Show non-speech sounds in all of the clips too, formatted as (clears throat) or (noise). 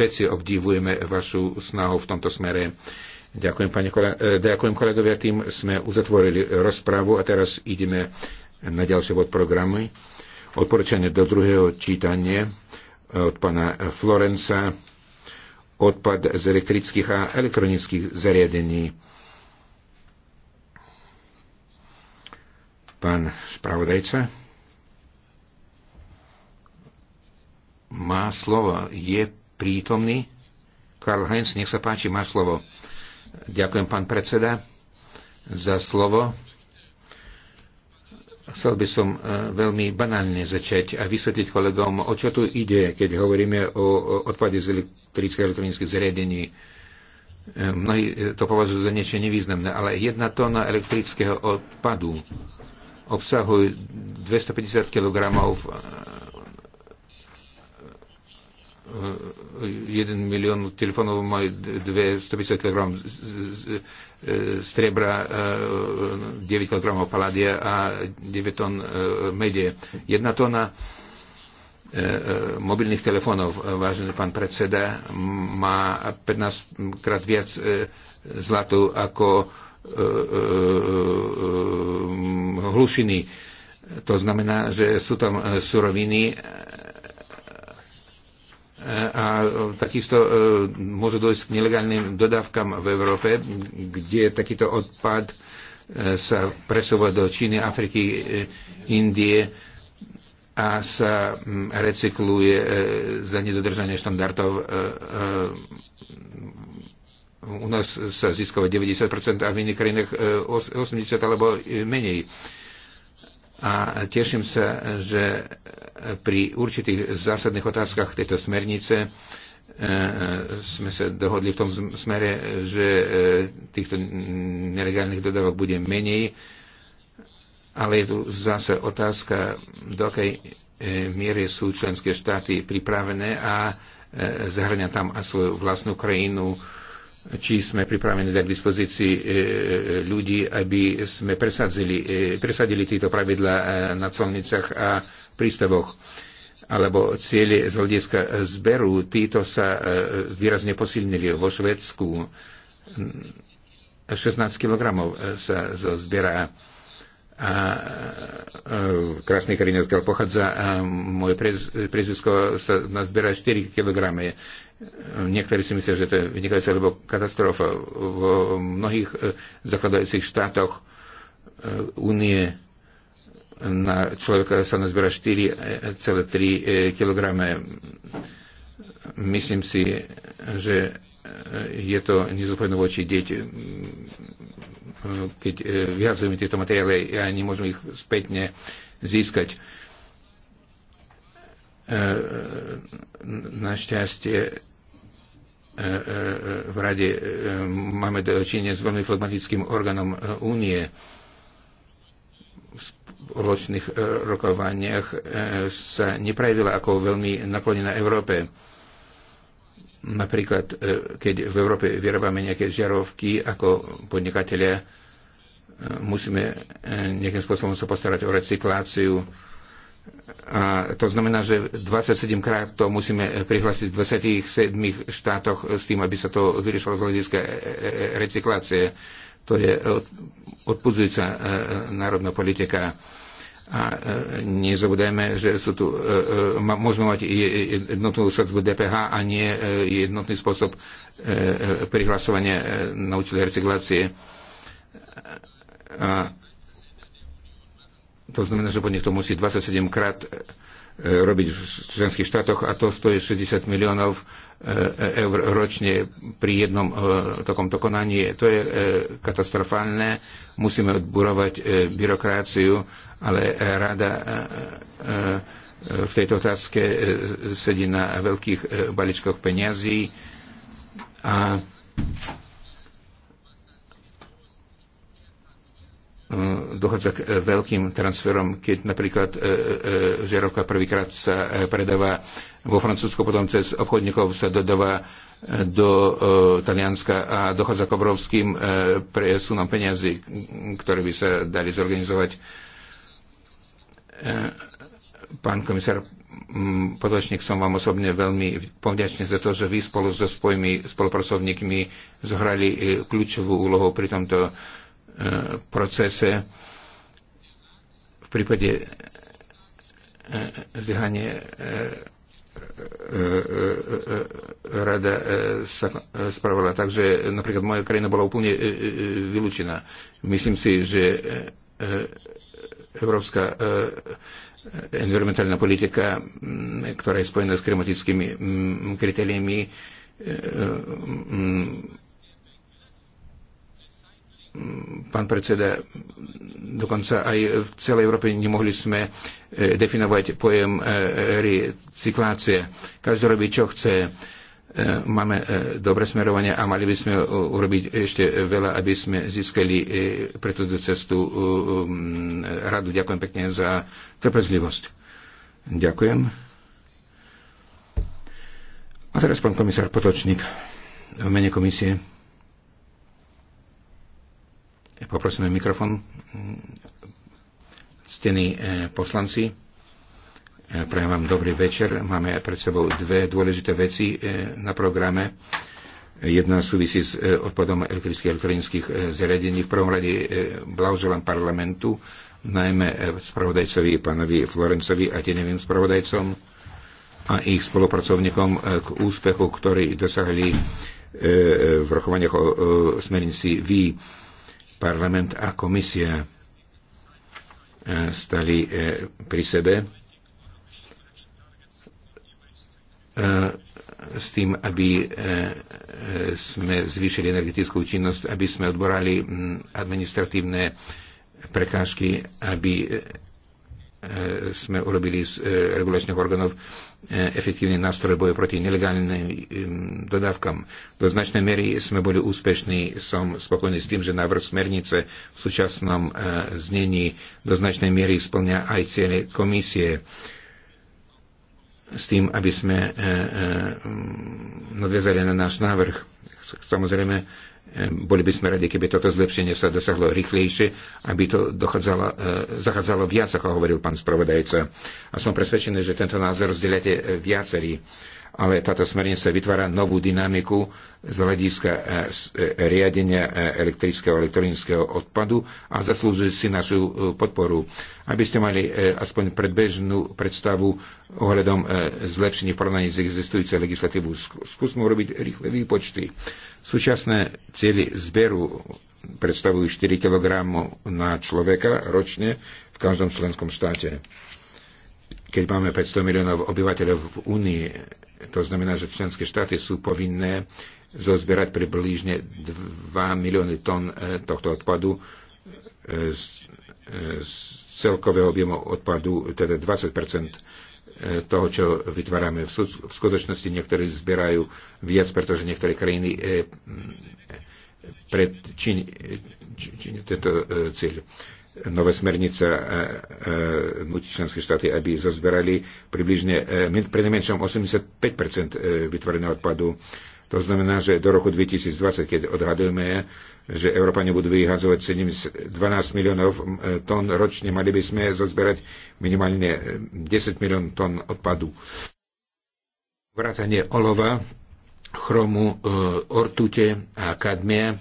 všetci obdivujeme vašu snahu v tomto smere. Ďakujem, pani kole- e, ďakujem kolegovia, tým sme uzatvorili rozpravu a teraz ideme na ďalšie bod programu. Odporúčanie do druhého čítania od pana Florenca odpad z elektrických a elektronických zariadení. Pán spravodajca má slovo. Je prítomný. Karl Heinz, nech sa páči, máš slovo. Ďakujem, pán predseda, za slovo. Chcel by som e, veľmi banálne začať a vysvetliť kolegom, o čo tu ide, keď hovoríme o odpade z elektrických a elektronických zariadení. E, mnohí e, to považujú za niečo nevýznamné, ale jedna tóna elektrického odpadu obsahuje 250 kg 1 eh, milión telefónov majú 250 kg strebra, 9 kg paladia a 9 tón eh, medie. Jedna tóna eh, mobilných telefónov, vážený pán predseda, má 15 krát viac zlatu ako hm, hlušiny. To znamená, že sú tam suroviny a takisto e, môže dojsť k nelegálnym dodávkam v Európe, kde takýto odpad e, sa presúva do Číny, Afriky, e, Indie a sa recykluje za nedodržanie štandardov. U nás sa získava 90% a v iných krajinách 80 alebo menej a teším sa, že pri určitých zásadných otázkach tejto smernice e, sme sa dohodli v tom smere, že e, týchto nelegálnych dodávok bude menej, ale je tu zase otázka, do akej e, miery sú členské štáty pripravené a zahrania tam a svoju vlastnú krajinu, či sme pripravení dať k dispozícii e, e, ľudí, aby sme presadili, e, presadili tieto pravidla na colnicách a prístavoch alebo cieľe z hľadiska zberu, títo sa výrazne posilnili vo Švedsku. 16 kg sa zbiera a krásny krajiny, odkiaľ pochádza a moje prez, prezvisko sa nazbiera 4 kg. Niektorí si myslia, že to je vynikajúca, lebo katastrofa. V mnohých e, zakladajúcich štátoch e, únie na človeka sa nazbiera 4,3 e, kg. Myslím si, že je to nezúplne voči deti. Keď vyhazujeme tieto materiály ja nemôžem ich spätne získať. Našťastie E, e, v rade e, máme dočinenie s veľmi flegmatickým orgánom únie. V spoločných rokovaniach sa neprejavila ako veľmi naklonená Európe. Napríklad, keď v Európe vyrábame nejaké žiarovky ako podnikatelia, musíme nejakým spôsobom sa postarať o recykláciu a to znamená, že 27 krát to musíme prihlásiť v 27 štátoch s tým, aby sa to vyriešilo z hľadiska e, e, e, recyklácie. To je odpudzujúca národná politika. A nezabudajme, že sú tu, môžeme mať jednotnú sadzbu DPH a nie jednotný spôsob prihlasovania na účely recyklácie. A to znamená, že podnik to musí 27 krát e, e, robiť v členských štátoch a to stojí 60 miliónov e, eur ročne pri jednom takomto konaní. To je katastrofálne. Musíme odburovať byrokraciu, ale rada v tejto otázke sedí na veľkých balíčkoch peniazí a Mm, dochádza k e, veľkým transferom, keď napríklad e, e, žiarovka prvýkrát sa predáva vo Francúzsku, potom cez obchodníkov sa dodáva do Talianska a dochádza k obrovským presunom peniazy, ktoré by sa dali zorganizovať. Pán komisár mm, Podočník, som vám osobne veľmi povďačný za to, že vy spolu so svojimi spolupracovníkmi zohrali kľúčovú úlohu pri tomto E, procese v prípade e, e, zlyhania rada sa spravila Takže napríklad moja krajina bola úplne vylúčená. Myslím si, že európska environmentálna politika, ktorá je spojená s klimatickými kritériami, pán predseda, dokonca aj v celej Európe nemohli sme e, definovať pojem e, recyklácie. Každý robí, čo chce. E, máme dobre smerovanie a mali by sme urobiť ešte veľa, aby sme získali pre túto cestu um, radu. Ďakujem pekne za trpezlivosť. Ďakujem. A teraz pán komisár Potočník v mene komisie. Poprosíme mikrofon ctení eh, poslanci. Eh, prajem vám dobrý večer. Máme pred sebou dve dôležité veci eh, na programe. Jedna súvisí s odpadom elektrických a elektronických zariadení. V prvom rade blahoželám parlamentu, najmä spravodajcovi pánovi Florencovi a tenevým spravodajcom a ich spolupracovníkom k úspechu, ktorý dosahli v rokovaniach o smernici VI Parlament a komisia e, stali e, pri sebe e, s tým, aby sme zvýšili energetickú činnosť, aby sme odborali administratívne prekážky, aby sme urobili z regulačných orgánov E, efektívny nástroj boja proti nelegálnym e, dodávkam. Do značnej miery sme boli úspešní. Som spokojný s tým, že návrh smernice v súčasnom e, znení do značnej miery splňa aj ciele komisie s tým, aby sme nadviazali na náš návrh. Samozrejme, boli by sme radi, keby toto zlepšenie sa dosahlo rýchlejšie, aby to e, zachádzalo viac, ako hovoril pán spravodajca. A som presvedčený, že tento názor zdieľate e, viacerí ale táto smernica vytvára novú dynamiku z hľadiska e, e, riadenia e, elektrického a elektronického odpadu a zaslúži si našu podporu. Aby ste mali aspoň predbežnú predstavu ohľadom zlepšení v porovnaní s existujúcej legislatívou, skúsme urobiť rýchle výpočty. Súčasné cieľy zberu predstavujú 4 kg na človeka ročne v každom členskom štáte. Keď máme 500 miliónov obyvateľov v Únii, to znamená, že členské štáty sú povinné zozbierať približne 2 milióny tón e, tohto odpadu e, z, e, z celkového objemu odpadu, teda 20 toho, čo vytvárame. V, skutočnosti niektorí zbierajú viac, pretože niektoré krajiny e, predčinia tento cieľ nové smernice e, e, nutí štáty, aby zozberali približne e, pre najmenšom 85 vytvoreného odpadu. To znamená, že do roku 2020, keď odhadujeme, že Európa nebudú vyhadzovať 12 miliónov tón ročne, mali by sme zozberať minimálne 10 milión tón odpadu. Vrátanie olova, chromu, ortute a kadmia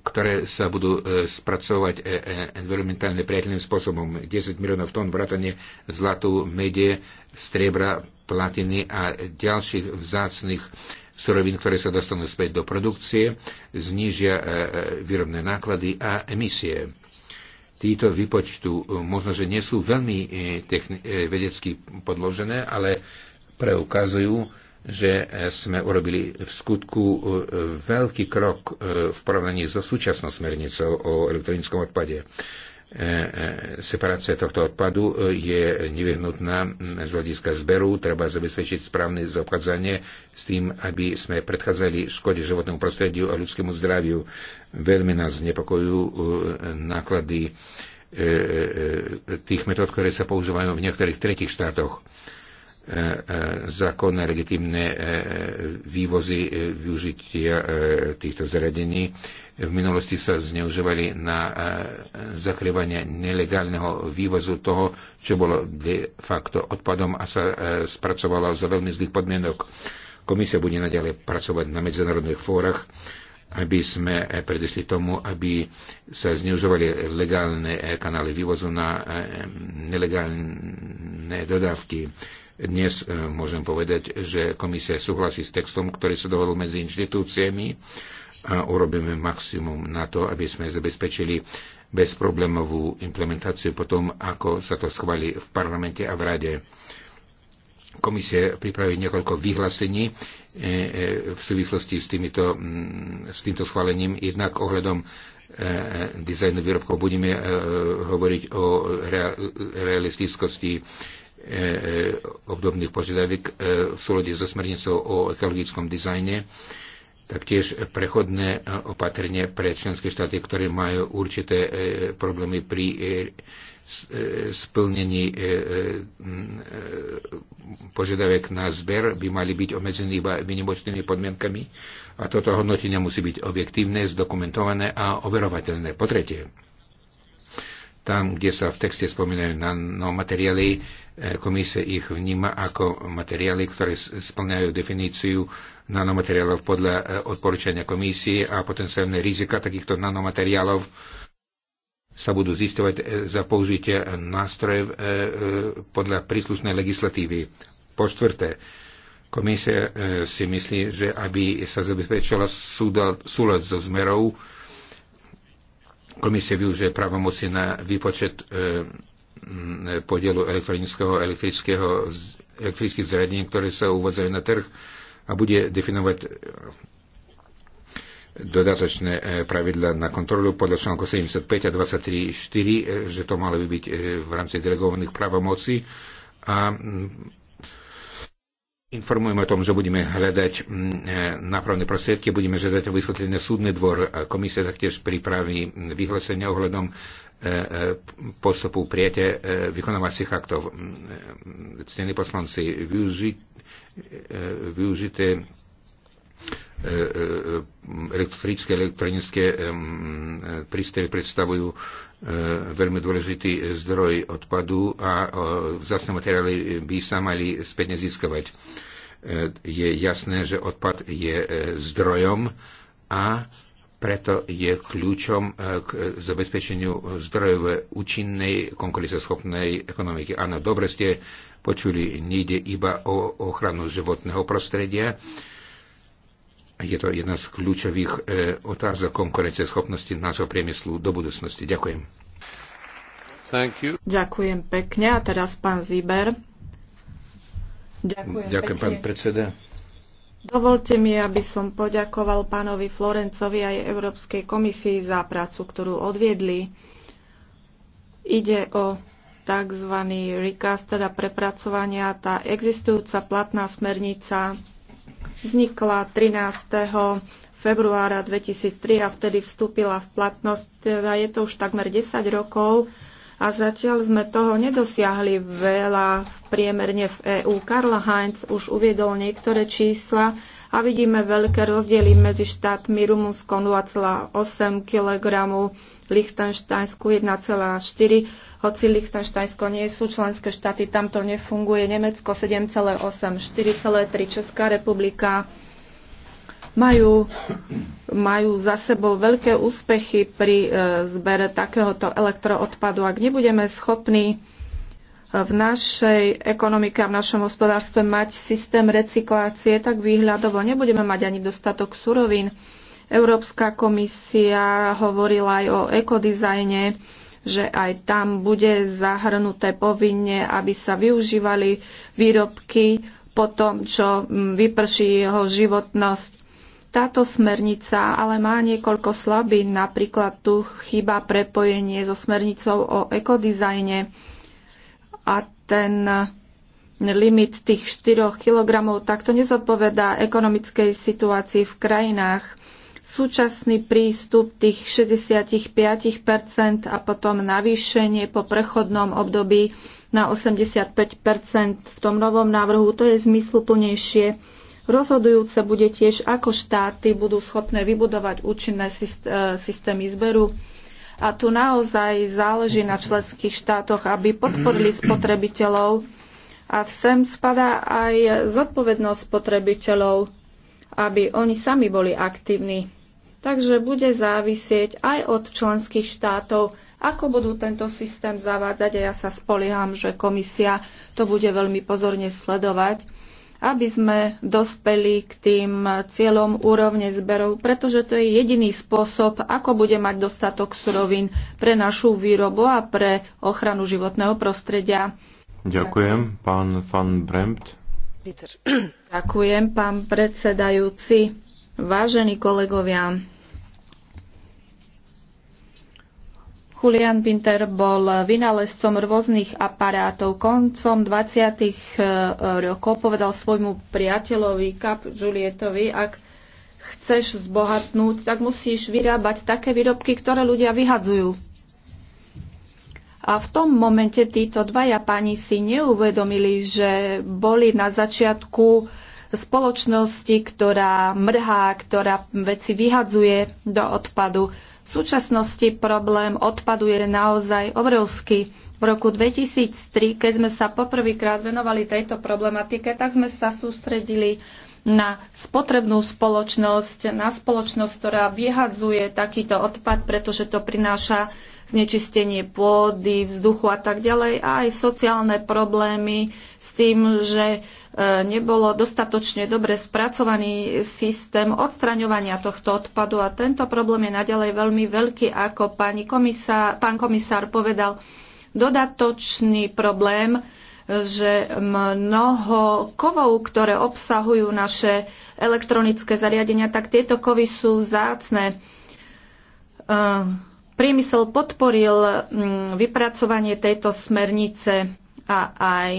ktoré sa budú e, spracovať e, e, environmentálne priateľným spôsobom. 10 miliónov tón vrátane zlatu, medie, striebra, platiny a ďalších vzácných surovín, ktoré sa dostanú späť do produkcie, znížia výrobné náklady a emisie. Títo vypočtu možno, že nie sú veľmi vedecky podložené, ale preukazujú, že e, sme urobili v skutku e, veľký krok e, v porovnaní so súčasnou smernicou o elektronickom odpade. Separácia tohto odpadu je nevyhnutná z hľadiska zberu. Treba zabezpečiť správne zaobchádzanie s tým, aby sme predchádzali škode životnému prostrediu a ľudskému zdraviu. Veľmi nás znepokojujú náklady tých metód, ktoré sa používajú v niektorých tretich štátoch E, e, zákonné, legitimné e, vývozy využitia týchto zariadení. V minulosti sa zneužívali na zakrývanie nelegálneho vývozu toho, čo bolo de facto odpadom a sa spracovalo za veľmi zlých podmienok. Komisia bude naďalej pracovať na medzinárodných fórach aby sme eh, predišli tomu, aby sa zneužovali legálne eh, kanály vývozu na eh, nelegálne dodávky. Dnes môžem povedať, že komisia súhlasí s textom, ktorý sa dohodol medzi inštitúciami a urobíme maximum na to, aby sme zabezpečili bezproblémovú implementáciu potom, ako sa to schváli v parlamente a v rade. Komisie pripraví niekoľko vyhlásení, E, e, v súvislosti s, týmito, s týmto schválením. Jednak ohľadom e, dizajnu výrobkov budeme hovoriť o realistickosti obdobných požiadaviek v súlade so smernicou o ekologickom dizajne, taktiež prechodné opatrenie pre členské štáty, ktoré majú určité problémy pri E, splnení e, e, požiadavek na zber by mali byť obmedzení iba vynimočnými podmienkami a toto hodnotenie musí byť objektívne, zdokumentované a overovateľné. Po tretie, tam, kde sa v texte spomínajú nanomateriály, komisia ich vníma ako materiály, ktoré splňajú definíciu nanomateriálov podľa odporúčania komisie a potenciálne rizika takýchto nanomateriálov sa budú zistovať e, za použitie nástrojev e, e, podľa príslušnej legislatívy. Po štvrté, komisia si myslí, že aby sa zabezpečila súlad so zmerou, komisia využije právomoci na výpočet podielu elektronického elektrického, elektrických zariadení, ktoré sa uvádzajú na trh a bude definovať dodatočné e, pravidla na kontrolu podľa článku 75 a 23.4, e, že to malo by byť e, v rámci delegovaných právomocí a mm, informujeme o tom, že budeme hľadať mm, nápravné prostriedky, budeme žiadať o vysvetlenie súdny dvor. Komisia taktiež pripraví mm, vyhlásenie ohľadom postupu prijatia vykonávacích aktov. Ctení poslanci, využite, E, e, elektrické, elektronické e, prístroje predstavujú veľmi dôležitý zdroj odpadu a vzácne materiály by sa mali späť získavať. Je jasné, že odpad je zdrojom a preto je kľúčom k zabezpečeniu zdrojov účinnej konkurenceschopnej ekonomiky. Áno, dobre ste počuli, nejde iba o ochranu životného prostredia, je to jedna z kľúčových e, otázok konkurencieschopnosti nášho priemyslu do budúcnosti. Ďakujem. Thank you. Ďakujem pekne. A teraz pán Ziber. Ďakujem, Ďakujem pekne. pán predseda. Dovolte mi, aby som poďakoval pánovi Florencovi aj Európskej komisii za prácu, ktorú odviedli. Ide o tzv. recast, teda prepracovania. Tá existujúca platná smernica vznikla 13 februára 2003 a vtedy vstúpila v platnosť, teda je to už takmer 10 rokov a zatiaľ sme toho nedosiahli veľa priemerne v EÚ. Karl Heinz už uviedol niektoré čísla a vidíme veľké rozdiely medzi štátmi Rumunsko 0,8 kg, Lichtensteinsku 1,4, hoci Lichtensteinsko nie sú členské štáty, tam to nefunguje, Nemecko 7,8, 4,3, Česká republika majú, majú za sebou veľké úspechy pri e, zbere takéhoto elektroodpadu. Ak nebudeme schopní e, v našej ekonomike a v našom hospodárstve mať systém recyklácie, tak výhľadovo nebudeme mať ani dostatok surovín. Európska komisia hovorila aj o ekodizajne, že aj tam bude zahrnuté povinne, aby sa využívali výrobky po tom, čo mm, vyprší jeho životnosť. Táto smernica ale má niekoľko slabín, napríklad tu chyba prepojenie so smernicou o ekodizajne a ten limit tých 4 kg takto nezodpovedá ekonomickej situácii v krajinách súčasný prístup tých 65 a potom navýšenie po prechodnom období na 85 v tom novom návrhu, to je zmysluplnejšie. Rozhodujúce bude tiež, ako štáty budú schopné vybudovať účinné e, systémy zberu. A tu naozaj záleží na členských štátoch, aby podporili (clears throat) spotrebiteľov. A sem spadá aj zodpovednosť spotrebiteľov, aby oni sami boli aktívni takže bude závisieť aj od členských štátov, ako budú tento systém zavádzať a ja sa spolieham, že komisia to bude veľmi pozorne sledovať, aby sme dospeli k tým cieľom úrovne zberov, pretože to je jediný spôsob, ako bude mať dostatok surovín pre našu výrobu a pre ochranu životného prostredia. Ďakujem, pán van Bremt. Ďakujem, pán predsedajúci. Vážení kolegovia, Julian Pinter bol vynálezcom rôznych aparátov. Koncom 20. E, rokov povedal svojmu priateľovi Kap Julietovi, ak chceš zbohatnúť, tak musíš vyrábať také výrobky, ktoré ľudia vyhadzujú. A v tom momente títo dvaja páni si neuvedomili, že boli na začiatku spoločnosti, ktorá mrhá, ktorá veci vyhadzuje do odpadu. V súčasnosti problém odpadu je naozaj obrovský. V roku 2003, keď sme sa poprvýkrát venovali tejto problematike, tak sme sa sústredili na spotrebnú spoločnosť, na spoločnosť, ktorá vyhadzuje takýto odpad, pretože to prináša znečistenie pôdy, vzduchu a tak ďalej a aj sociálne problémy s tým, že E, nebolo dostatočne dobre spracovaný systém odstraňovania tohto odpadu a tento problém je naďalej veľmi veľký, ako pani komisár, pán komisár povedal. Dodatočný problém, že mnoho kovov, ktoré obsahujú naše elektronické zariadenia, tak tieto kovy sú zácne. E, priemysel podporil vypracovanie tejto smernice a aj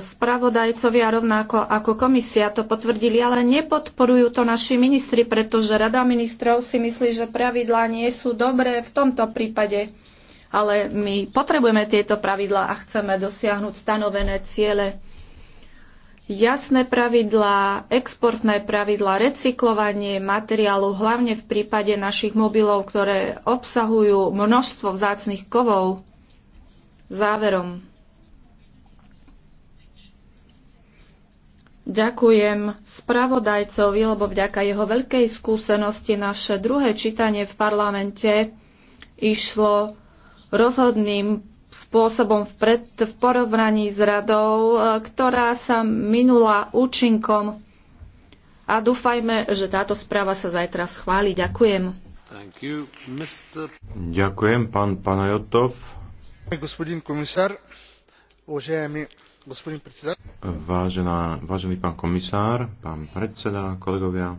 spravodajcovia rovnako ako komisia to potvrdili, ale nepodporujú to naši ministri, pretože Rada ministrov si myslí, že pravidlá nie sú dobré v tomto prípade. Ale my potrebujeme tieto pravidlá a chceme dosiahnuť stanovené ciele. Jasné pravidlá, exportné pravidlá, recyklovanie materiálu, hlavne v prípade našich mobilov, ktoré obsahujú množstvo vzácných kovov. Záverom Ďakujem spravodajcovi, lebo vďaka jeho veľkej skúsenosti naše druhé čítanie v parlamente išlo rozhodným spôsobom v pred v porovnaní s radou, e, ktorá sa minula účinkom. A dúfajme, že táto správa sa zajtra schváli. Ďakujem. You, Ďakujem, pán Panajotov. Господин комисар, Vážená, vážený pán komisár, pán predseda, kolegovia.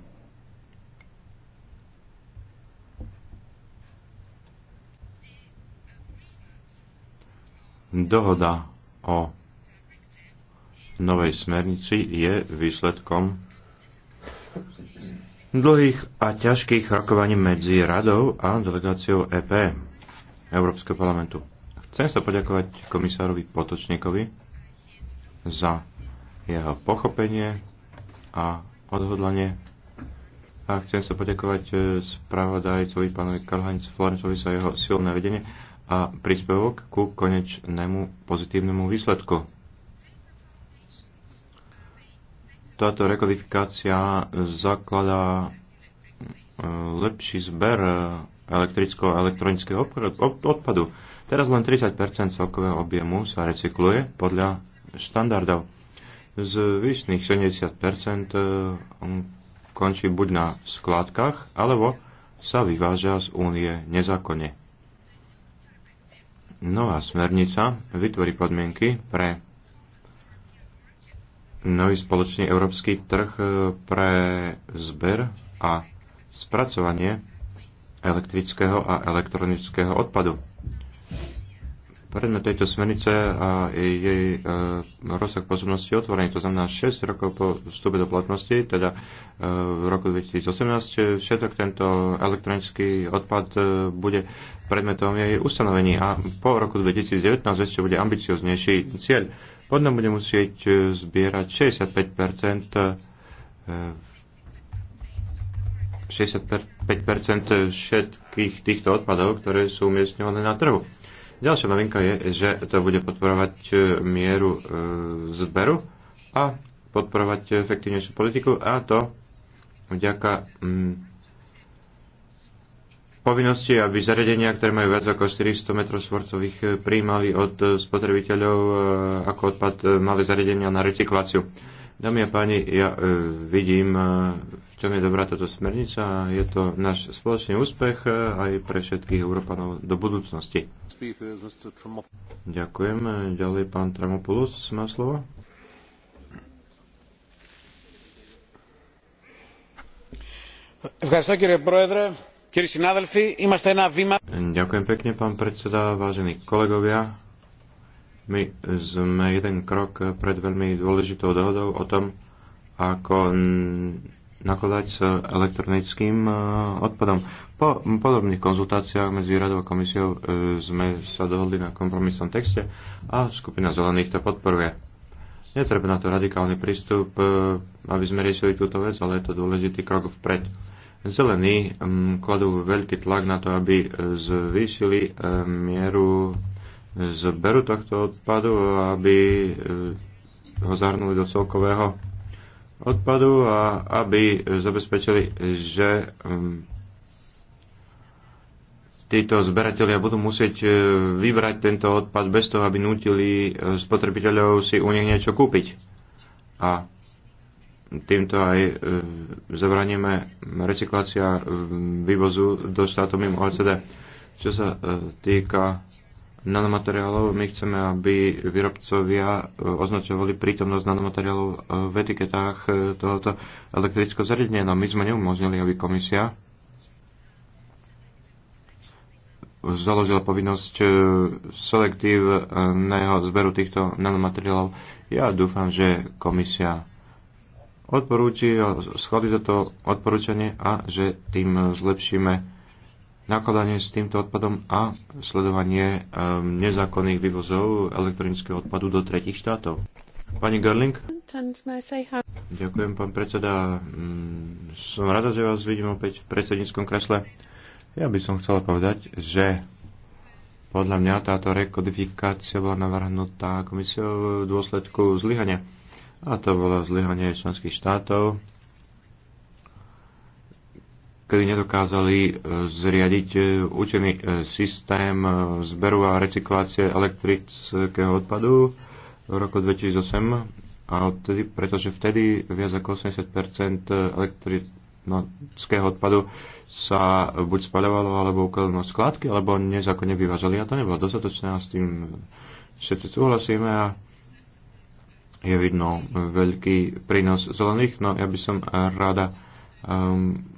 Dohoda o novej smernici je výsledkom dlhých a ťažkých rokovaní medzi radou a delegáciou EP Európskeho parlamentu. Chcem sa poďakovať komisárovi Potočníkovi, za jeho pochopenie a odhodlanie. A chcem sa poďakovať e, spravodajcovi pánovi Karl-Heinz Florencovi za jeho silné vedenie a príspevok ku konečnému pozitívnemu výsledku. Táto rekodifikácia zakladá e, lepší zber e, elektrického a elektronického odpadu. Teraz len 30 celkového objemu sa recykluje podľa štandardov. Z vyšných 70% eh, končí buď na skládkach, alebo sa vyvážia z únie nezákonne. Nová smernica vytvorí podmienky pre nový spoločný európsky trh eh, pre zber a spracovanie elektrického a elektronického odpadu. Predmet tejto smernice a jej e, rozsah pôsobnosti otvorený, to znamená 6 rokov po vstupe do platnosti, teda e, v roku 2018 e, všetok tento elektronický odpad bude predmetom jej ustanovení a po roku 2019 ešte bude ambicioznejší cieľ. Podľa bude musieť zbierať 65 65 všetkých týchto odpadov, ktoré sú umiestňované na trhu. Ďalšia novinka je, že to bude podporovať e, mieru e, zberu a podporovať efektívnejšiu politiku a to vďaka mm, povinnosti, aby zariadenia, ktoré majú viac ako 400 m štvorcových, e, príjmali od spotrebiteľov ako odpad malé zariadenia na recykláciu. Dámy a páni, ja e, vidím, e, v čom je dobrá táto smernica. Je to náš spoločný úspech e, aj pre všetkých Európanov do budúcnosti. Ďakujem. E, ďalej pán Tramopoulos má slovo. Ďakujem pekne, pán predseda, vážení kolegovia my sme jeden krok pred veľmi dôležitou dohodou o tom, ako nakladať s elektronickým e, odpadom. Po podobných konzultáciách medzi Radou a komisiou e, sme sa dohodli na kompromisnom texte a skupina zelených to podporuje. Netreba na to radikálny prístup, e, aby sme riešili túto vec, ale je to dôležitý krok vpred. Zelení kladú veľký tlak na to, aby zvýšili mieru zberu tohto odpadu, aby e, ho zahrnuli do celkového odpadu a aby zabezpečili, že mm, títo zberatelia budú musieť e, vybrať tento odpad bez toho, aby nutili e, spotrebiteľov si u nich niečo kúpiť. A týmto aj zabraníme recyklácia vývozu do štátov mimo OECD. Čo sa týka nanomateriálov. My chceme, aby výrobcovia e, označovali prítomnosť nanomateriálov v etiketách e, tohoto elektrického zariadenia. No my sme neumožnili, aby komisia založila povinnosť e, selektívneho zberu týchto nanomateriálov. Ja dúfam, že komisia odporúči, schváli toto odporúčanie a že tým zlepšíme nakladanie s týmto odpadom a sledovanie um, nezákonných vývozov elektronického odpadu do tretich štátov. Pani Gerling? Ďakujem, pán predseda. Mm, som rada, že vás vidím opäť v predsedníckom kresle. Ja by som chcela povedať, že podľa mňa táto rekodifikácia bola navrhnutá komisiou v dôsledku zlyhania. A to bolo zlyhanie členských štátov kedy nedokázali e, zriadiť e, účinný e, systém zberu a recyklácie elektrického odpadu v roku 2008 a odtedy, pretože vtedy viac ako 80% elektrického odpadu sa buď spaľovalo alebo ukladalo na skladky, alebo nezákonne vyvážali a to nebolo dostatočné a s tým všetci súhlasíme a je vidno veľký prínos zelených, no ja by som rada um, ehm,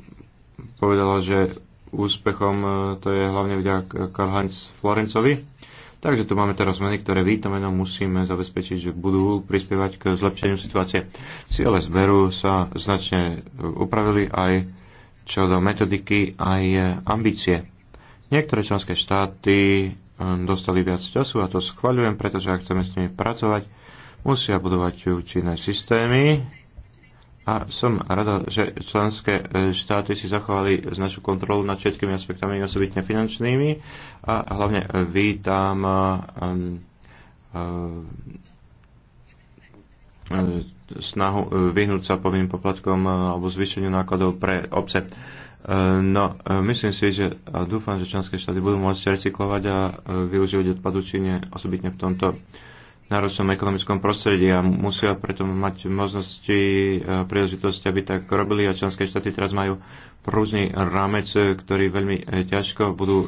povedala, že úspechom e, to je hlavne vďaka Karl-Heinz Florencovi. Takže tu máme teraz zmeny, ktoré vítame, no musíme zabezpečiť, že budú prispievať k zlepšeniu situácie. Ciele zberu sa značne upravili aj čo do metodiky, aj ambície. Niektoré členské štáty e, dostali viac času a to schvaľujem, pretože ak chceme s nimi pracovať, musia budovať účinné systémy, a som rada, že členské e, štáty si zachovali značnú kontrolu nad všetkými aspektami, osobitne finančnými. A hlavne e, vítam um, snahu vyhnúť sa povinným poplatkom alebo zvýšeniu nákladov pre obce. No, myslím si, že a dúfam, že členské štáty budú môcť recyklovať a využívať odpadu nie, osobitne v tomto uh, náročnom ekonomickom prostredí a musia preto mať možnosti a e, príležitosti, aby tak robili a členské štáty teraz majú prúžny rámec, ktorý veľmi e, ťažko budú e,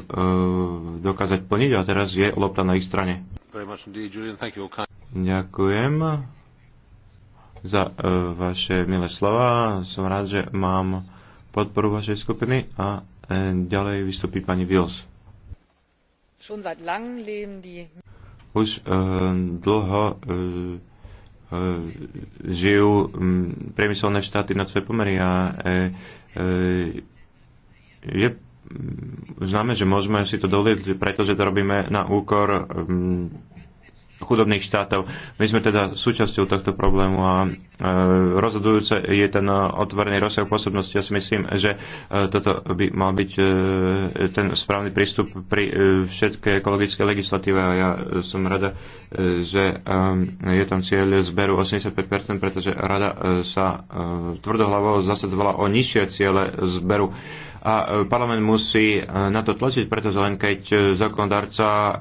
dokázať plniť a teraz je lopta na ich strane. Ďakujem za e, vaše milé slova. Som rád, že mám podporu vašej skupiny a e, ďalej vystúpi pani Wills. Schon seit langem leben die už eh, dlho eh, eh, žijú mm, priemyselné štáty na svoje pomery a je mm, známe, že môžeme si to dovoliť, pretože to robíme na úkor mm, chudobných štátov. My sme teda súčasťou tohto problému a e, rozhodujúce je ten otvorený rozsah pôsobnosti. Ja si myslím, že e, toto by mal byť e, ten správny prístup pri všetkej ekologickej legislatíve a ja som rada, že je tam cieľ zberu 85%, pretože rada sa tvrdohlavo zasadzovala o nižšie ciele zberu a e, parlament musí e, na to tlačiť, pretože len keď e, zákonodárca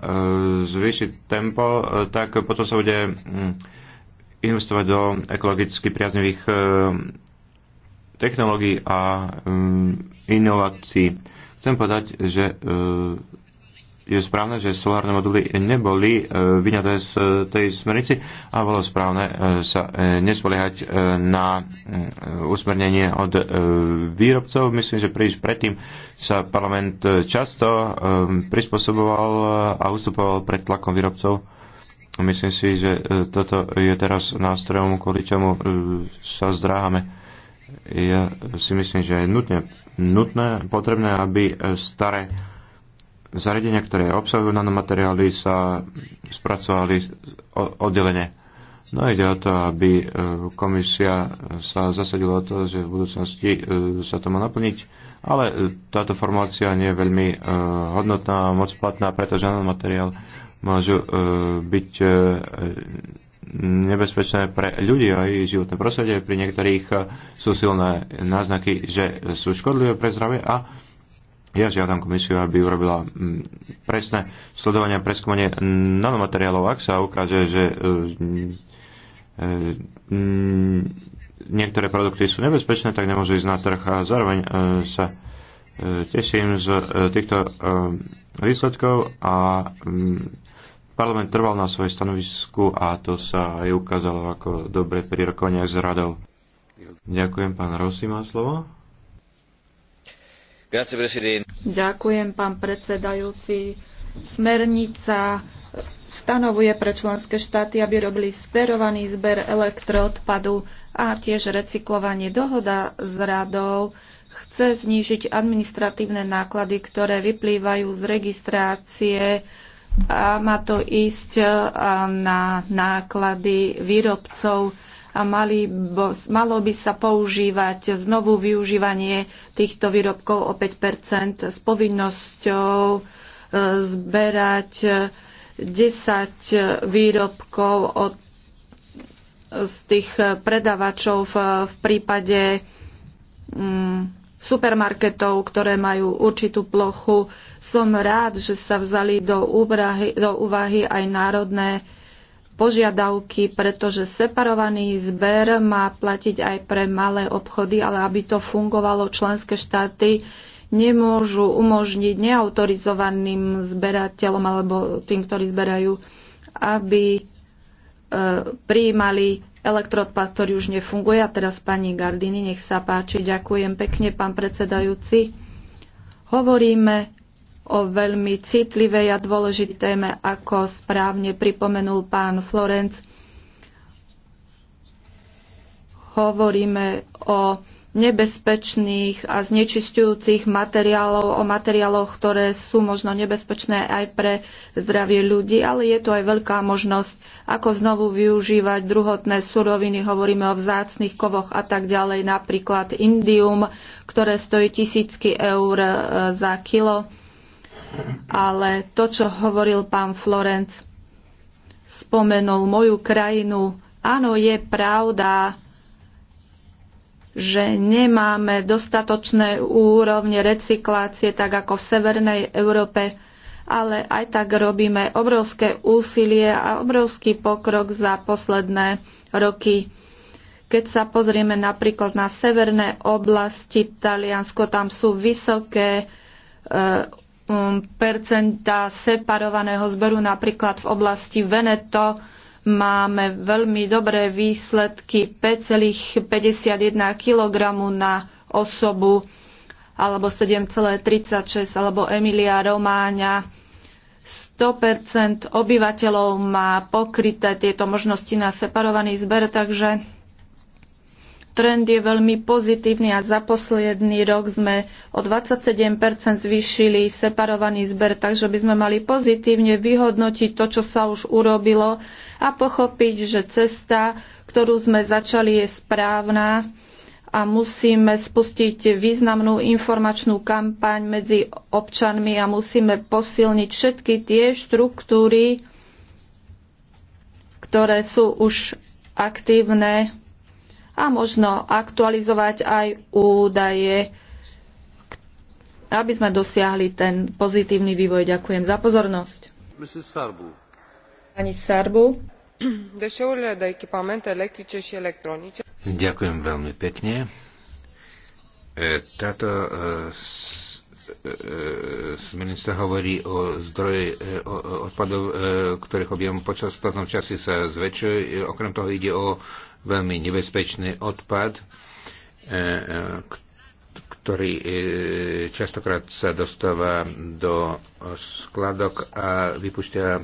zvýši tempo, tak potom sa bude mm, investovať do ekologicky priaznivých technológií a mm, inovácií. Chcem povedať, že je správne, že solárne moduly neboli e, vyňaté z e, tej smernici a bolo správne e, sa nespoliehať na mm, usmernenie od výrobcov. Myslím, že príliš predtým sa parlament často prispôsoboval a ustupoval pred tlakom výrobcov. Myslím si, že toto je teraz nástrojom, kvôli čomu sa zdráhame. Ja si myslím, že je nutne, nutné, potrebné, aby staré zariadenia, ktoré obsahujú nanomateriály, sa spracovali oddelenie. No ide o to, aby e, komisia sa zasadila o to, že v budúcnosti e, sa to má naplniť, ale e, táto formulácia nie je veľmi hodnotná a moc platná, pretože nanomateriál môžu byť nebezpečné pre ľudí aj životné prostredie. Pri niektorých sú silné náznaky, že sú škodlivé pre zdravie a ja žiadam komisiu, aby urobila mm, presné sledovanie a preskúmanie nanomateriálov, ak sa ukáže, že e, e, mm, niektoré produkty sú nebezpečné, tak nemôžu ísť na trh a zároveň e, sa teším z týchto výsledkov a mm, parlament trval na svoje stanovisku a to sa aj ukázalo ako dobre pri rokovaniach s radou. Ďakujem, pán Rossi má slovo. Ďakujem, pán predsedajúci. Smernica stanovuje pre členské štáty, aby robili sperovaný zber elektroodpadu a tiež recyklovanie. Dohoda s radou chce znížiť administratívne náklady, ktoré vyplývajú z registrácie a má to ísť na náklady výrobcov mali, bo, malo by sa používať znovu využívanie týchto výrobkov o 5 s povinnosťou e, zberať 10 e, e, výrobkov od z tých predavačov v, v prípade mm, supermarketov, ktoré majú určitú plochu. Som rád, že sa vzali do, do úvahy aj národné požiadavky, pretože separovaný zber má platiť aj pre malé obchody, ale aby to fungovalo, členské štáty nemôžu umožniť neautorizovaným zberateľom alebo tým, ktorí zberajú, aby e, prijímali elektroodpad, ktorý už nefunguje. A teraz pani Gardini, nech sa páči. Ďakujem pekne, pán predsedajúci. Hovoríme o veľmi citlivej a dôležitej téme, ako správne pripomenul pán Florenc. Hovoríme o nebezpečných a znečistujúcich materiálov, o materiáloch, ktoré sú možno nebezpečné aj pre zdravie ľudí, ale je tu aj veľká možnosť, ako znovu využívať druhotné suroviny, hovoríme o vzácných kovoch a tak ďalej, napríklad indium, ktoré stojí tisícky eur e, za kilo ale to, čo hovoril pán Florenc, spomenul moju krajinu. Áno, je pravda, že nemáme dostatočné úrovne recyklácie, tak ako v Severnej Európe, ale aj tak robíme obrovské úsilie a obrovský pokrok za posledné roky. Keď sa pozrieme napríklad na severné oblasti Taliansko, tam sú vysoké e, Um, percenta separovaného zberu. Napríklad v oblasti Veneto máme veľmi dobré výsledky 5,51 kg na osobu alebo 7,36 alebo Emilia Romáňa. 100% obyvateľov má pokryté tieto možnosti na separovaný zber, takže Trend je veľmi pozitívny a za posledný rok sme o 27 zvýšili separovaný zber, takže by sme mali pozitívne vyhodnotiť to, čo sa už urobilo a pochopiť, že cesta, ktorú sme začali, je správna a musíme spustiť významnú informačnú kampaň medzi občanmi a musíme posilniť všetky tie štruktúry, ktoré sú už aktívne a možno aktualizovať aj údaje, aby sme dosiahli ten pozitívny vývoj. Ďakujem za pozornosť. Pani Sarbu. Ďakujem veľmi pekne. E, táto e, smernica e, hovorí o zdroji odpadov, ktorých objem počas platnom čase sa zväčšuje. Okrem toho ide o veľmi nebezpečný odpad, e, e, ktorý e, častokrát sa dostáva do skladok a vypúšťa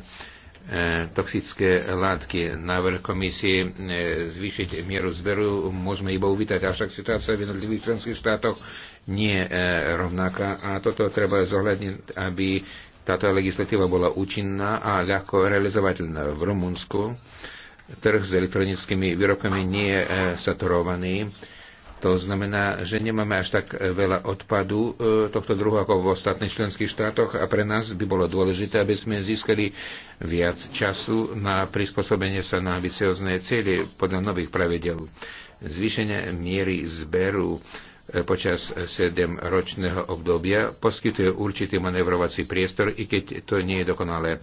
toxické látky. Návrh komisie zvýšiť mieru zberu môžeme iba uvítať, avšak situácia v jednotlivých členských štátoch nie je rovnaká a toto treba zohľadniť, aby táto legislatíva bola účinná a ľahko realizovateľná v Rumunsku trh s elektronickými výrobkami nie je e, saturovaný. To znamená, že nemáme až tak e, veľa odpadu e, tohto druhu ako v ostatných členských štátoch a pre nás by bolo dôležité, aby sme získali viac času na prispôsobenie sa na ambiciozne cieľe podľa nových pravidel. Zvýšenie miery zberu počas 7-ročného obdobia poskytuje určitý manevrovací priestor, i keď to nie je dokonalé.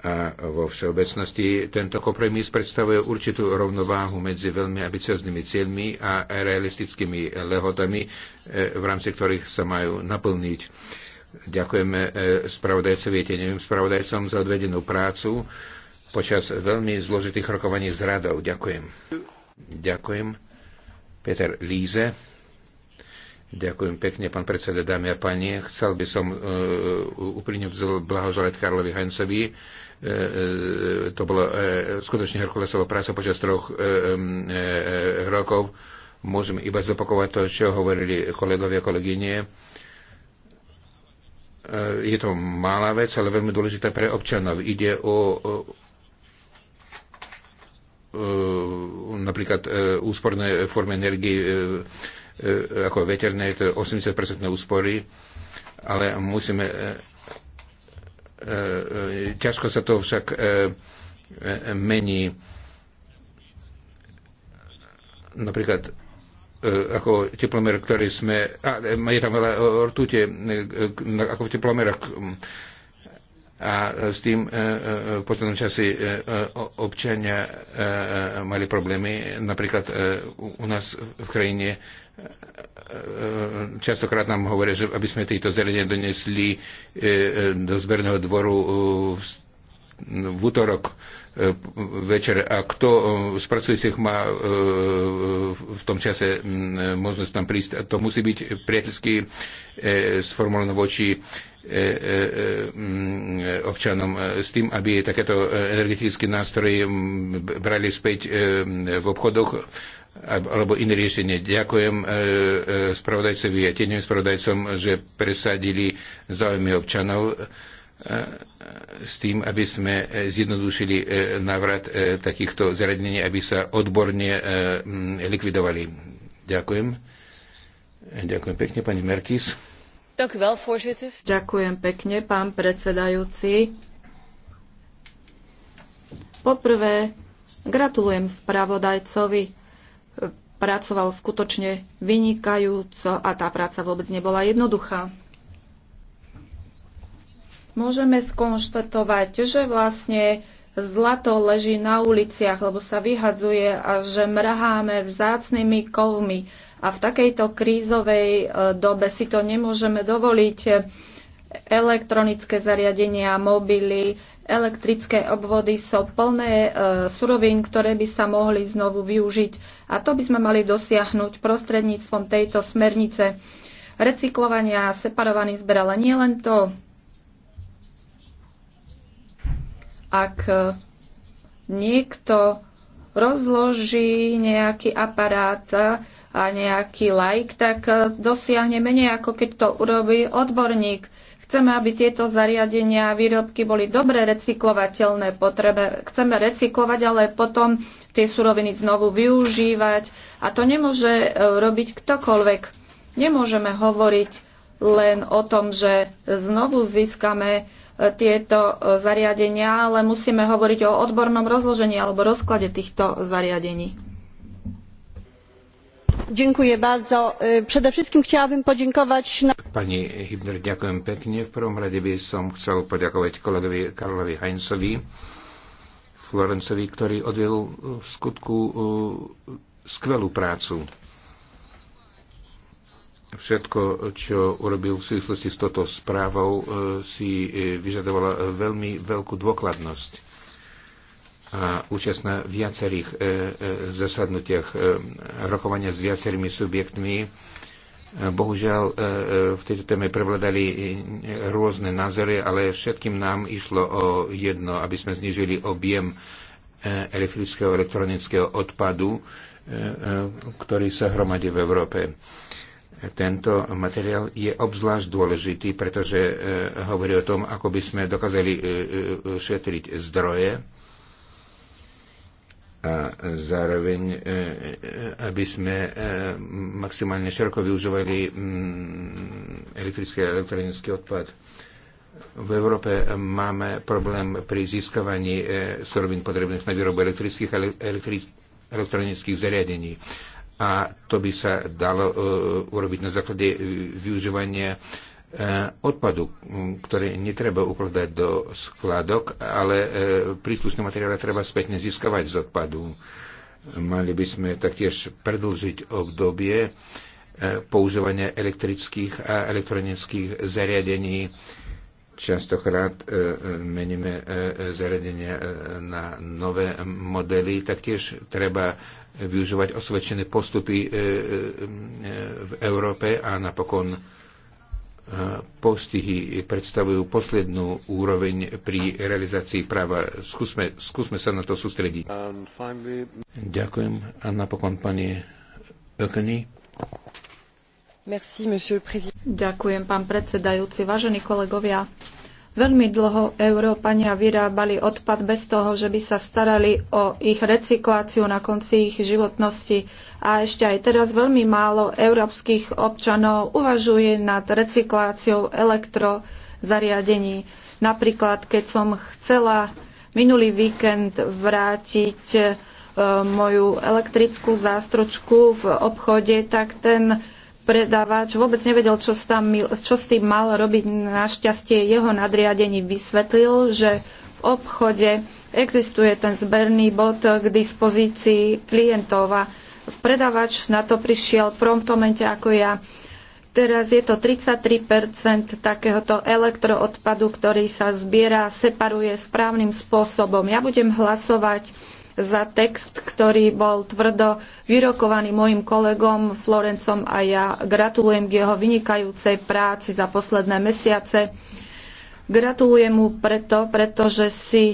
A vo všeobecnosti tento kompromis predstavuje určitú rovnováhu medzi veľmi ambicioznými cieľmi a realistickými lehotami, e, v rámci ktorých sa majú naplniť. Ďakujeme e, spravodajcovi a tieňovým spravodajcom za odvedenú prácu počas veľmi zložitých rokovaní s radou. Ďakujem. Ďakujem. Peter Líze. Ďakujem pekne, pán predseda, dámy a páni. Chcel by som e, uh, úprimne blahoželať Karlovi Hensovi. E, e, to bolo e, skutočne Herkulesová práca počas troch rokov. Môžem iba zopakovať to, čo hovorili kolegovia a kolegyne. Je to malá vec, ale veľmi dôležitá pre občanov. Ide o napríklad úsporné formy energie ako veterné, to je 80% úspory, ale musíme E, e, ťažko sa to však e, mení. Napríklad ako teplomer, ktorý sme... A, je tam veľa ortúte, ako v teplomerách a s tým v poslednom čase občania mali problémy. Napríklad u nás v krajine E, e, častokrát nám hovoria, že aby sme tieto zelenie donesli e, do zberného dvoru v útorok večer a kto z pracujúcich má v tom čase možnosť tam prísť. To musí byť priateľsky sformulované voči občanom s tým, aby takéto energetické nástroje brali späť v obchodoch alebo iné riešenie. Ďakujem e, e, spravodajcovi a tieňovým spravodajcom, že presadili záujmy občanov e, s tým, aby sme zjednodušili návrat takýchto zariadení, aby sa odborne likvidovali. Ďakujem. Ďakujem pekne, pani Merkis. Ďakujem pekne, pán predsedajúci. Poprvé, gratulujem spravodajcovi pracoval skutočne vynikajúco a tá práca vôbec nebola jednoduchá. Môžeme skonštatovať, že vlastne zlato leží na uliciach, lebo sa vyhadzuje a že mrháme vzácnymi kovmi. A v takejto krízovej e, dobe si to nemôžeme dovoliť. Elektronické zariadenia, mobily, elektrické obvody sú plné e, surovín, ktoré by sa mohli znovu využiť. A to by sme mali dosiahnuť prostredníctvom tejto smernice recyklovania a separovaných zber, ale nie len to. Ak e, niekto rozloží nejaký aparát a nejaký like, tak e, dosiahne menej, ako keď to urobí odborník Chceme, aby tieto zariadenia a výrobky boli dobre recyklovateľné potrebe. Chceme recyklovať, ale potom tie suroviny znovu využívať. A to nemôže e, robiť ktokoľvek. Nemôžeme hovoriť len o tom, že znovu získame e, tieto e, zariadenia, ale musíme hovoriť o odbornom rozložení alebo rozklade týchto zariadení. Przede wszystkim chciałabym podziękować... Pani Hibner, ďakujem pekne. V prvom rade by som chcel poďakovať kolegovi Karlovi Heinzovi, Florencovi, ktorý odvedol uh, v skutku uh, skvelú prácu. Všetko, čo urobil v súvislosti s touto správou, uh, si vyžadovalo veľmi veľkú dôkladnosť a účasť na viacerých e, e, zasadnutiach, e, rokovania s viacerými subjektmi. E, bohužiaľ, e, e, v tejto téme prevladali e, rôzne názory, ale všetkým nám išlo o jedno, aby sme znižili objem elektrického elektronického odpadu, ktorý sa hromadí v Európe. Tento materiál je obzvlášť dôležitý, pretože hovorí o tom, ako by sme dokázali šetriť zdroje a zároveň, e, e, aby sme e, maximálne široko využívali elektrický a elektronický odpad. V Európe máme problém pri získavaní surovín potrebných na výrobu elektrických a elektronických zariadení. A to by sa dalo urobiť na základe využívania Eh, odpadu, mm, ktorý netreba ukladať do skladok, ale eh, príslušné materiály treba spätne získavať z odpadu. Mali by sme taktiež predlžiť obdobie eh, používania elektrických a elektronických zariadení. Častokrát meníme zariadenia na nové modely. Taktiež treba využívať osvedčené postupy v Európe a napokon postihy predstavujú poslednú úroveň pri realizácii práva. Skúsme, skúsme sa na to sústrediť. Finally... Ďakujem. A napokon pani Ökeny. Merci, Ďakujem, pán predsedajúci. Vážení kolegovia, Veľmi dlho Európania vyrábali odpad bez toho, že by sa starali o ich recykláciu na konci ich životnosti. A ešte aj teraz veľmi málo európskych občanov uvažuje nad recykláciou elektrozariadení. Napríklad, keď som chcela minulý víkend vrátiť e, moju elektrickú zástročku v obchode, tak ten predávač vôbec nevedel, čo, tam, čo s tým mal robiť. Našťastie jeho nadriadení vysvetlil, že v obchode existuje ten zberný bod k dispozícii klientov a predávač na to prišiel promptomente ako ja. Teraz je to 33 takéhoto elektroodpadu, ktorý sa zbiera, separuje správnym spôsobom. Ja budem hlasovať za text, ktorý bol tvrdo vyrokovaný mojim kolegom Florencom a ja gratulujem k jeho vynikajúcej práci za posledné mesiace. Gratulujem mu preto, pretože si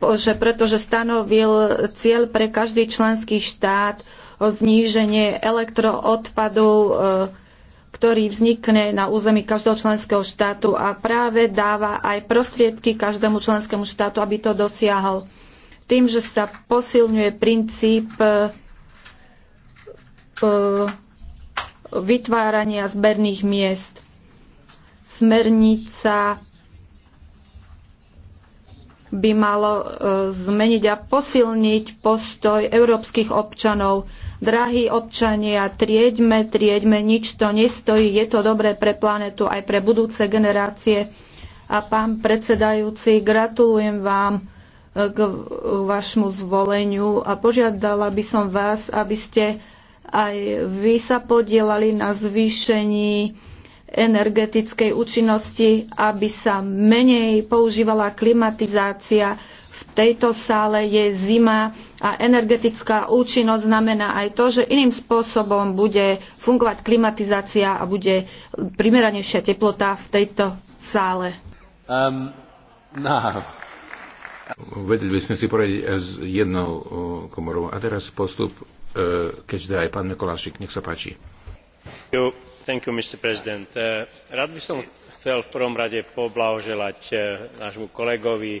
že pretože stanovil cieľ pre každý členský štát o zníženie elektroodpadu, e, ktorý vznikne na území každého členského štátu a práve dáva aj prostriedky každému členskému štátu, aby to dosiahol tým, že sa posilňuje princíp e, e, vytvárania zberných miest. Smernica by malo e, zmeniť a posilniť postoj európskych občanov. Drahí občania, trieďme, trieďme, nič to nestojí, je to dobré pre planetu aj pre budúce generácie. A pán predsedajúci, gratulujem vám k vašmu zvoleniu a požiadala by som vás, aby ste aj vy sa podielali na zvýšení energetickej účinnosti, aby sa menej používala klimatizácia. V tejto sále je zima a energetická účinnosť znamená aj to, že iným spôsobom bude fungovať klimatizácia a bude primeranejšia teplota v tejto sále. Um, no. Vedeli by sme si poradiť s jednou komorou. A teraz postup, e, keďže teda aj pán Mikolášik, nech sa páči. Thank you. Mr. President. E, rád by som chcel v prvom rade poblahoželať e, nášmu kolegovi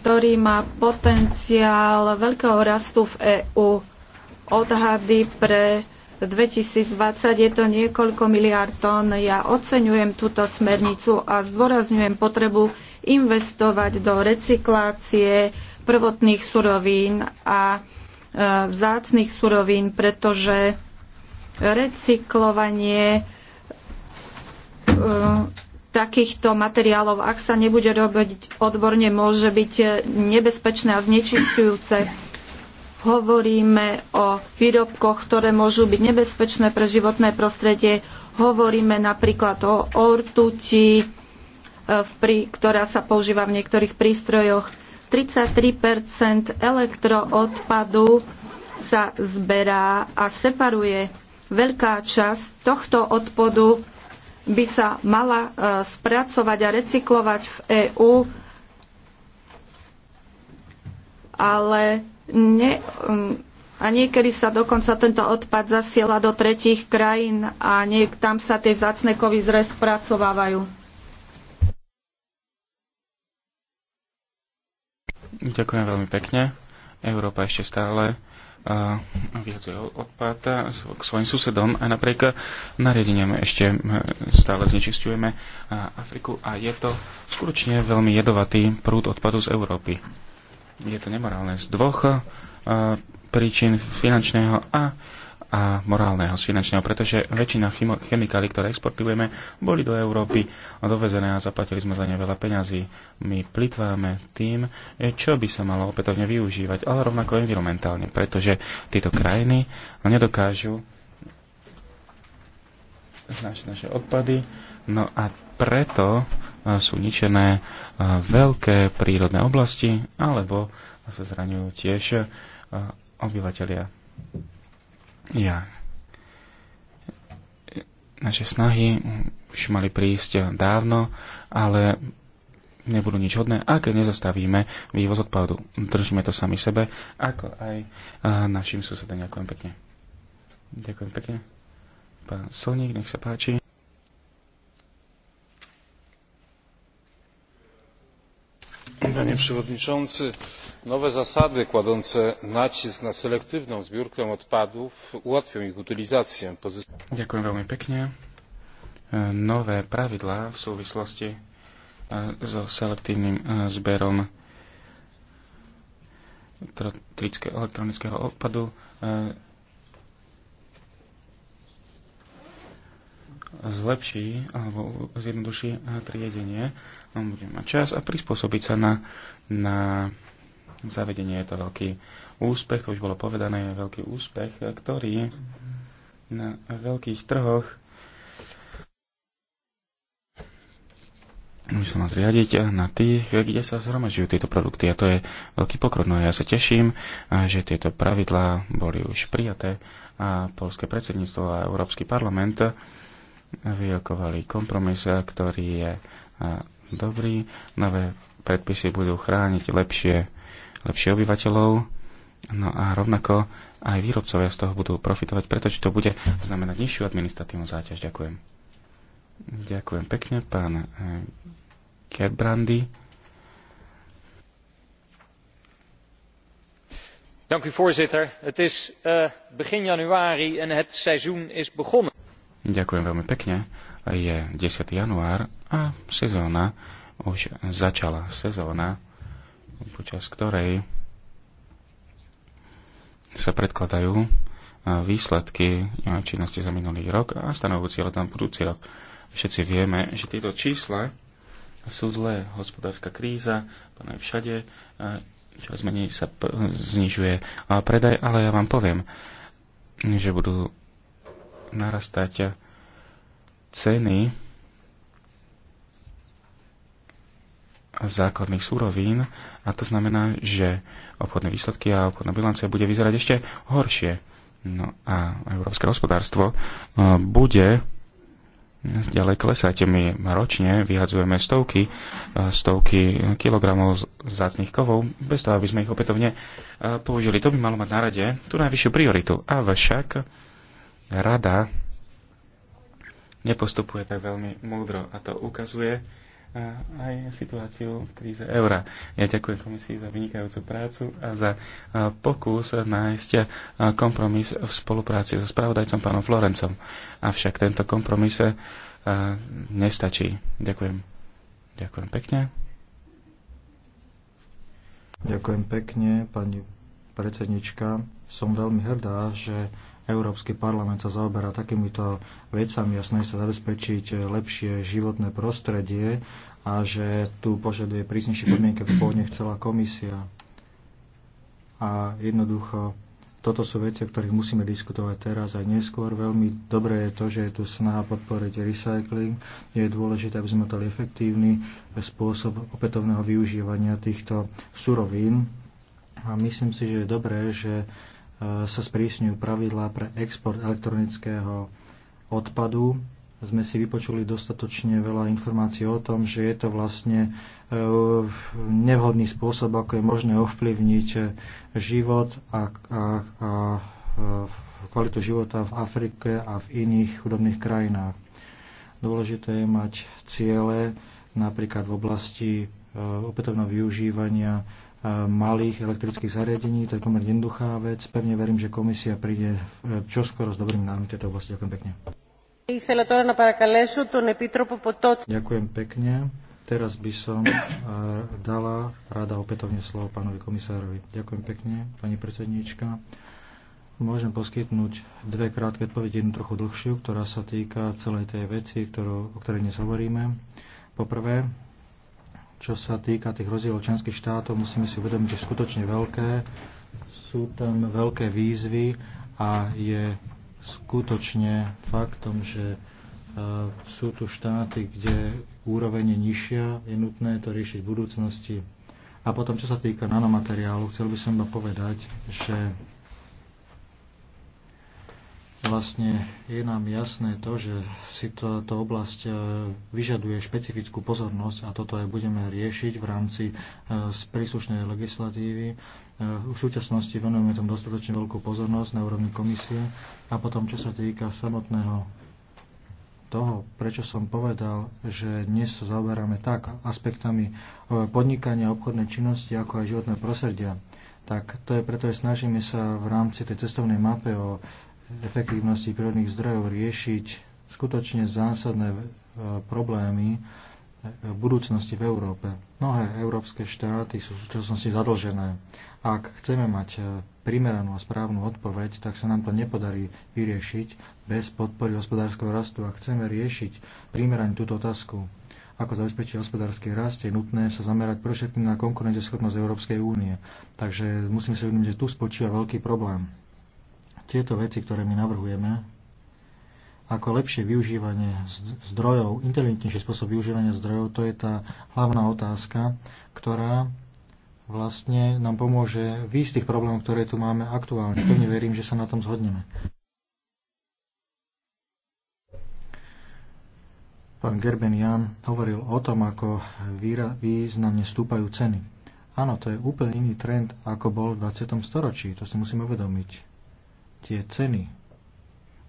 ktorý má potenciál veľkého rastu v EÚ. Odhady pre 2020 je to niekoľko miliard tón. Ja oceňujem túto smernicu a zdôrazňujem potrebu investovať do recyklácie prvotných surovín a e, vzácných surovín, pretože recyklovanie e, takýchto materiálov, ak sa nebude robiť odborne, môže byť nebezpečné a znečistujúce. Hovoríme o výrobkoch, ktoré môžu byť nebezpečné pre životné prostredie. Hovoríme napríklad o ortuti, e, ktorá sa používa v niektorých prístrojoch. 33 elektroodpadu sa zberá a separuje. Veľká časť tohto odpadu by sa mala e, spracovať a recyklovať v EÚ, ale ne, a niekedy sa dokonca tento odpad zasiela do tretích krajín a niek tam sa tie vzácne kovy zre spracovávajú. Ďakujem veľmi pekne. Európa ešte stále vyhadzuje odpad k svojim susedom a napriek nariadeniam ešte hm, stále znečistujeme Afriku a je to skutočne veľmi jedovatý prúd odpadu z Európy. Je to nemorálne z dvoch príčin finančného a a morálneho z finančného, pretože väčšina chemikálií, ktoré exportujeme, boli do Európy dovezené a zaplatili sme za ne veľa peňazí. My plitváme tým, čo by sa malo opätovne využívať, ale rovnako environmentálne, pretože tieto krajiny nedokážu znášať naše odpady, no a preto e, sú ničené e, veľké prírodné oblasti, alebo sa zraňujú tiež e, obyvateľia. Ja. Naše snahy už mali prísť dávno, ale nebudú nič hodné, ak nezastavíme vývoz odpadu. Držíme to sami sebe, ako aj našim susedom. Ďakujem pekne. Ďakujem pekne. Pán Solník, nech sa páči. panie przewodniczący! nowe zasady kładące nacisk na selektywną zbiórkę odpadów ułatwią ich utylizację. E, nové pravidlá v súvislosti e, so selektívnym e, zberom elektronického odpadu zlepší alebo zjednoduší triedenie No, bude mať čas a prispôsobiť sa na, na zavedenie. Je to veľký úspech, to už bolo povedané, je veľký úspech, ktorý na veľkých trhoch musí sa zriadiť na tých, kde sa zhromažďujú tieto produkty. A to je veľký pokrok. No ja sa teším, že tieto pravidlá boli už prijaté a polské predsedníctvo a Európsky parlament vyrokovali kompromis, ktorý je dobrý, nové predpisy budú chrániť lepšie, lepšie obyvateľov, no a rovnako aj výrobcovia z toho budú profitovať, pretože to bude znamenať nižšiu administratívnu záťaž. Ďakujem. Ďakujem pekne, pán Kerbrandy. Eh, voorzitter het is eh, begin januari en het seizoen is begonnen. ďakujem veľmi pekne je 10. január a sezóna už začala. Sezóna, počas ktorej sa predkladajú e, výsledky e, činnosti za minulý rok a stanovujú cieľe tam budúci rok. Všetci vieme, že tieto čísla sú zlé. Hospodárska kríza, pána všade, e, čo menej sa znižuje predaj, ale ja vám poviem, že budú narastať ceny základných súrovín a to znamená, že obchodné výsledky a obchodná bilancia bude vyzerať ešte horšie. No a európske hospodárstvo e, bude ďalej klesať. My ročne vyhadzujeme stovky, e, stovky kilogramov zácných kovov, bez toho, aby sme ich opätovne e, použili. To by malo mať na rade tú najvyššiu prioritu. Avšak rada nepostupuje tak veľmi múdro. A to ukazuje eh, aj situáciu v kríze eura. Ja ďakujem komisii za vynikajúcu prácu a za eh, pokus nájsť eh, kompromis v spolupráci so spravodajcom pánom Florencom. Avšak tento kompromis nestačí. Ďakujem. Ďakujem pekne. Ďakujem pekne, pani predsednička. Som veľmi hrdá, že Európsky parlament sa zaoberá takýmito vecami a snaží sa zabezpečiť lepšie životné prostredie a že tu požaduje prísnejšie podmienky, ako pôvodne chcela komisia. A jednoducho toto sú veci, o ktorých musíme diskutovať teraz aj neskôr. Veľmi dobré je to, že je tu snaha podporiť recycling. Je dôležité, aby sme mali efektívny spôsob opätovného využívania týchto surovín. A myslím si, že je dobré, že sa sprísňujú pravidlá pre export elektronického odpadu. Sme si vypočuli dostatočne veľa informácií o tom, že je to vlastne e, nevhodný spôsob, ako je možné ovplyvniť život a, a, a e, kvalitu života v Afrike a v iných chudobných krajinách. Dôležité je mať ciele napríklad v oblasti e, opätovného využívania malých elektrických zariadení. To je pomerne jednoduchá vec. Pevne verím, že komisia príde e, čoskoro s dobrým návrhom tejto oblasti. Ďakujem pekne. Teda Ďakujem pekne. Teraz by som e, dala rada opätovne slovo pánovi komisárovi. Ďakujem pekne, pani predsedníčka. Môžem poskytnúť dve krátke odpovede, jednu trochu dlhšiu, ktorá sa týka celej tej veci, ktorú, o ktorej dnes hovoríme. Poprvé, čo sa týka tých rozdielov členských štátov, musíme si uvedomiť, že skutočne veľké. Sú tam veľké výzvy a je skutočne faktom, že e, sú tu štáty, kde úroveň je nižšia, je nutné to riešiť v budúcnosti. A potom, čo sa týka nanomateriálu, chcel by som iba povedať, že Vlastne je nám jasné to, že si táto oblasť e, vyžaduje špecifickú pozornosť a toto aj budeme riešiť v rámci e, príslušnej legislatívy. E, v súčasnosti venujeme tomu dostatočne veľkú pozornosť na úrovni komisie a potom, čo sa týka samotného toho, prečo som povedal, že dnes sa zaoberáme tak aspektami podnikania, obchodnej činnosti, ako aj životné prostredia, tak to je preto, že snažíme sa v rámci tej cestovnej mape o efektívnosti prírodných zdrojov riešiť skutočne zásadné e, problémy e, v budúcnosti v Európe. Mnohé európske štáty sú v súčasnosti zadlžené. Ak chceme mať e, primeranú a správnu odpoveď, tak sa nám to nepodarí vyriešiť bez podpory hospodárskeho rastu. Ak chceme riešiť primerane túto otázku, ako zabezpečiť hospodársky rast, je nutné sa zamerať pre všetkým na konkurenteschopnosť Európskej únie. Takže musíme si uvedomiť, že tu spočíva veľký problém tieto veci, ktoré my navrhujeme, ako lepšie využívanie zdrojov, inteligentnejší spôsob využívania zdrojov, to je tá hlavná otázka, ktorá vlastne nám pomôže výjsť tých problémov, ktoré tu máme aktuálne. Pevne verím, že sa na tom zhodneme. Pán Gerben Jan hovoril o tom, ako významne stúpajú ceny. Áno, to je úplne iný trend, ako bol v 20. storočí. To si musíme uvedomiť tie ceny,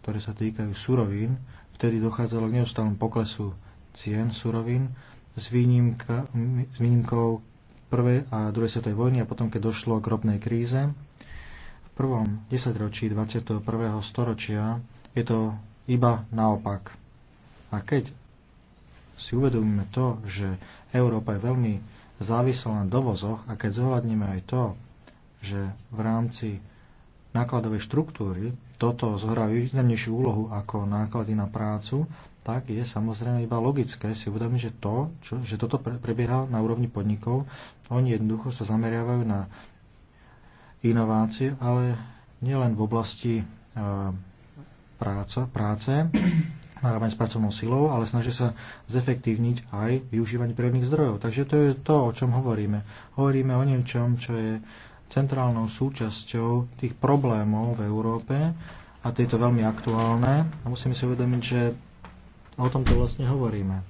ktoré sa týkajú surovín, vtedy dochádzalo k neustálom poklesu cien surovín s, výnimka, s výnimkou prvej a druhej svetovej vojny a potom, keď došlo k ropnej kríze. V prvom desaťročí 21. storočia je to iba naopak. A keď si uvedomíme to, že Európa je veľmi závislá na dovozoch a keď zohľadníme aj to, že v rámci nákladovej štruktúry toto zohrá významnejšiu úlohu ako náklady na prácu, tak je samozrejme iba logické si uvedomiť, že, to, čo, že toto prebieha na úrovni podnikov. Oni jednoducho sa zameriavajú na inovácie, ale nielen v oblasti e, práca, práce, narábanie s pracovnou silou, ale snažia sa zefektívniť aj využívanie prírodných zdrojov. Takže to je to, o čom hovoríme. Hovoríme o niečom, čo je centrálnou súčasťou tých problémov v Európe a to veľmi aktuálne a musíme si uvedomiť, že o tomto vlastne hovoríme.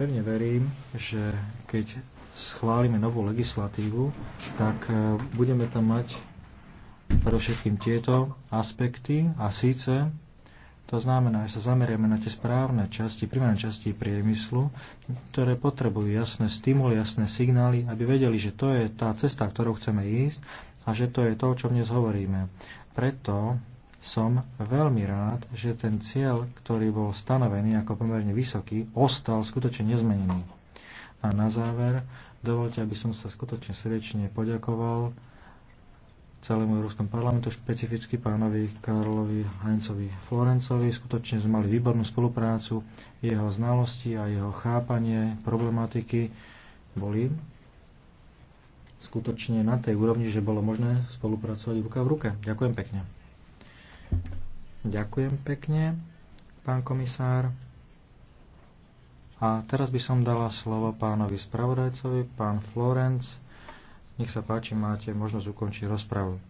Pevne verím, že keď schválime novú legislatívu, tak e, budeme tam mať predovšetkým tieto aspekty a síce to znamená, že sa zameriame na tie správne časti, primárne časti priemyslu, ktoré potrebujú jasné stimuly, jasné signály, aby vedeli, že to je tá cesta, ktorou chceme ísť a že to je to, o čom dnes hovoríme. Preto som veľmi rád, že ten cieľ, ktorý bol stanovený ako pomerne vysoký, ostal skutočne nezmenený. A na záver, dovolte, aby som sa skutočne srdečne poďakoval celému Európskom parlamentu, špecificky pánovi Karlovi Heinzovi Florencovi. Skutočne sme mali výbornú spoluprácu, jeho znalosti a jeho chápanie problematiky boli skutočne na tej úrovni, že bolo možné spolupracovať ruka v ruke. Ďakujem pekne. Ďakujem pekne, pán komisár. A teraz by som dala slovo pánovi spravodajcovi, pán Florenc nech sa páči, máte možnosť ukončiť rozpravu.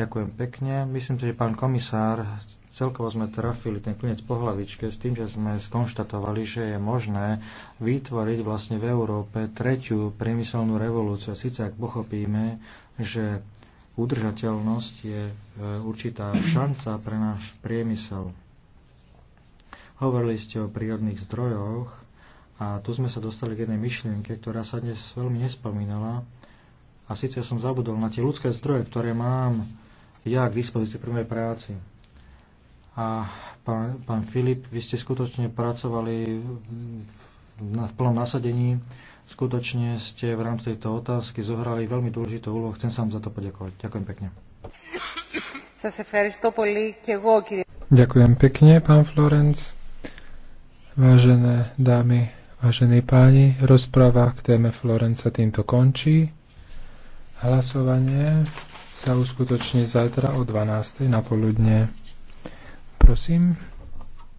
Ďakujem pekne. Myslím si, že pán komisár, celkovo sme trafili ten klinec po hlavičke s tým, že sme skonštatovali, že je možné vytvoriť vlastne v Európe tretiu priemyselnú revolúciu. Sice ak pochopíme, že udržateľnosť je e, určitá šanca pre náš priemysel. Hovorili ste o prírodných zdrojoch a tu sme sa dostali k jednej myšlienke, ktorá sa dnes veľmi nespomínala, a síce som zabudol na tie ľudské zdroje, ktoré mám ja k dispozícii pri mojej práci. A pán, pán Filip, vy ste skutočne pracovali na, v plnom nasadení. Skutočne ste v rámci tejto otázky zohrali veľmi dôležitú úlohu. Chcem sa vám za to poďakovať. Ďakujem pekne. Ďakujem pekne, pán Florenc. Vážené dámy, vážení páni, rozpráva k téme Florenca týmto končí. Hlasovanie sa uskutoční zajtra o 12.00 na poludne. Prosím.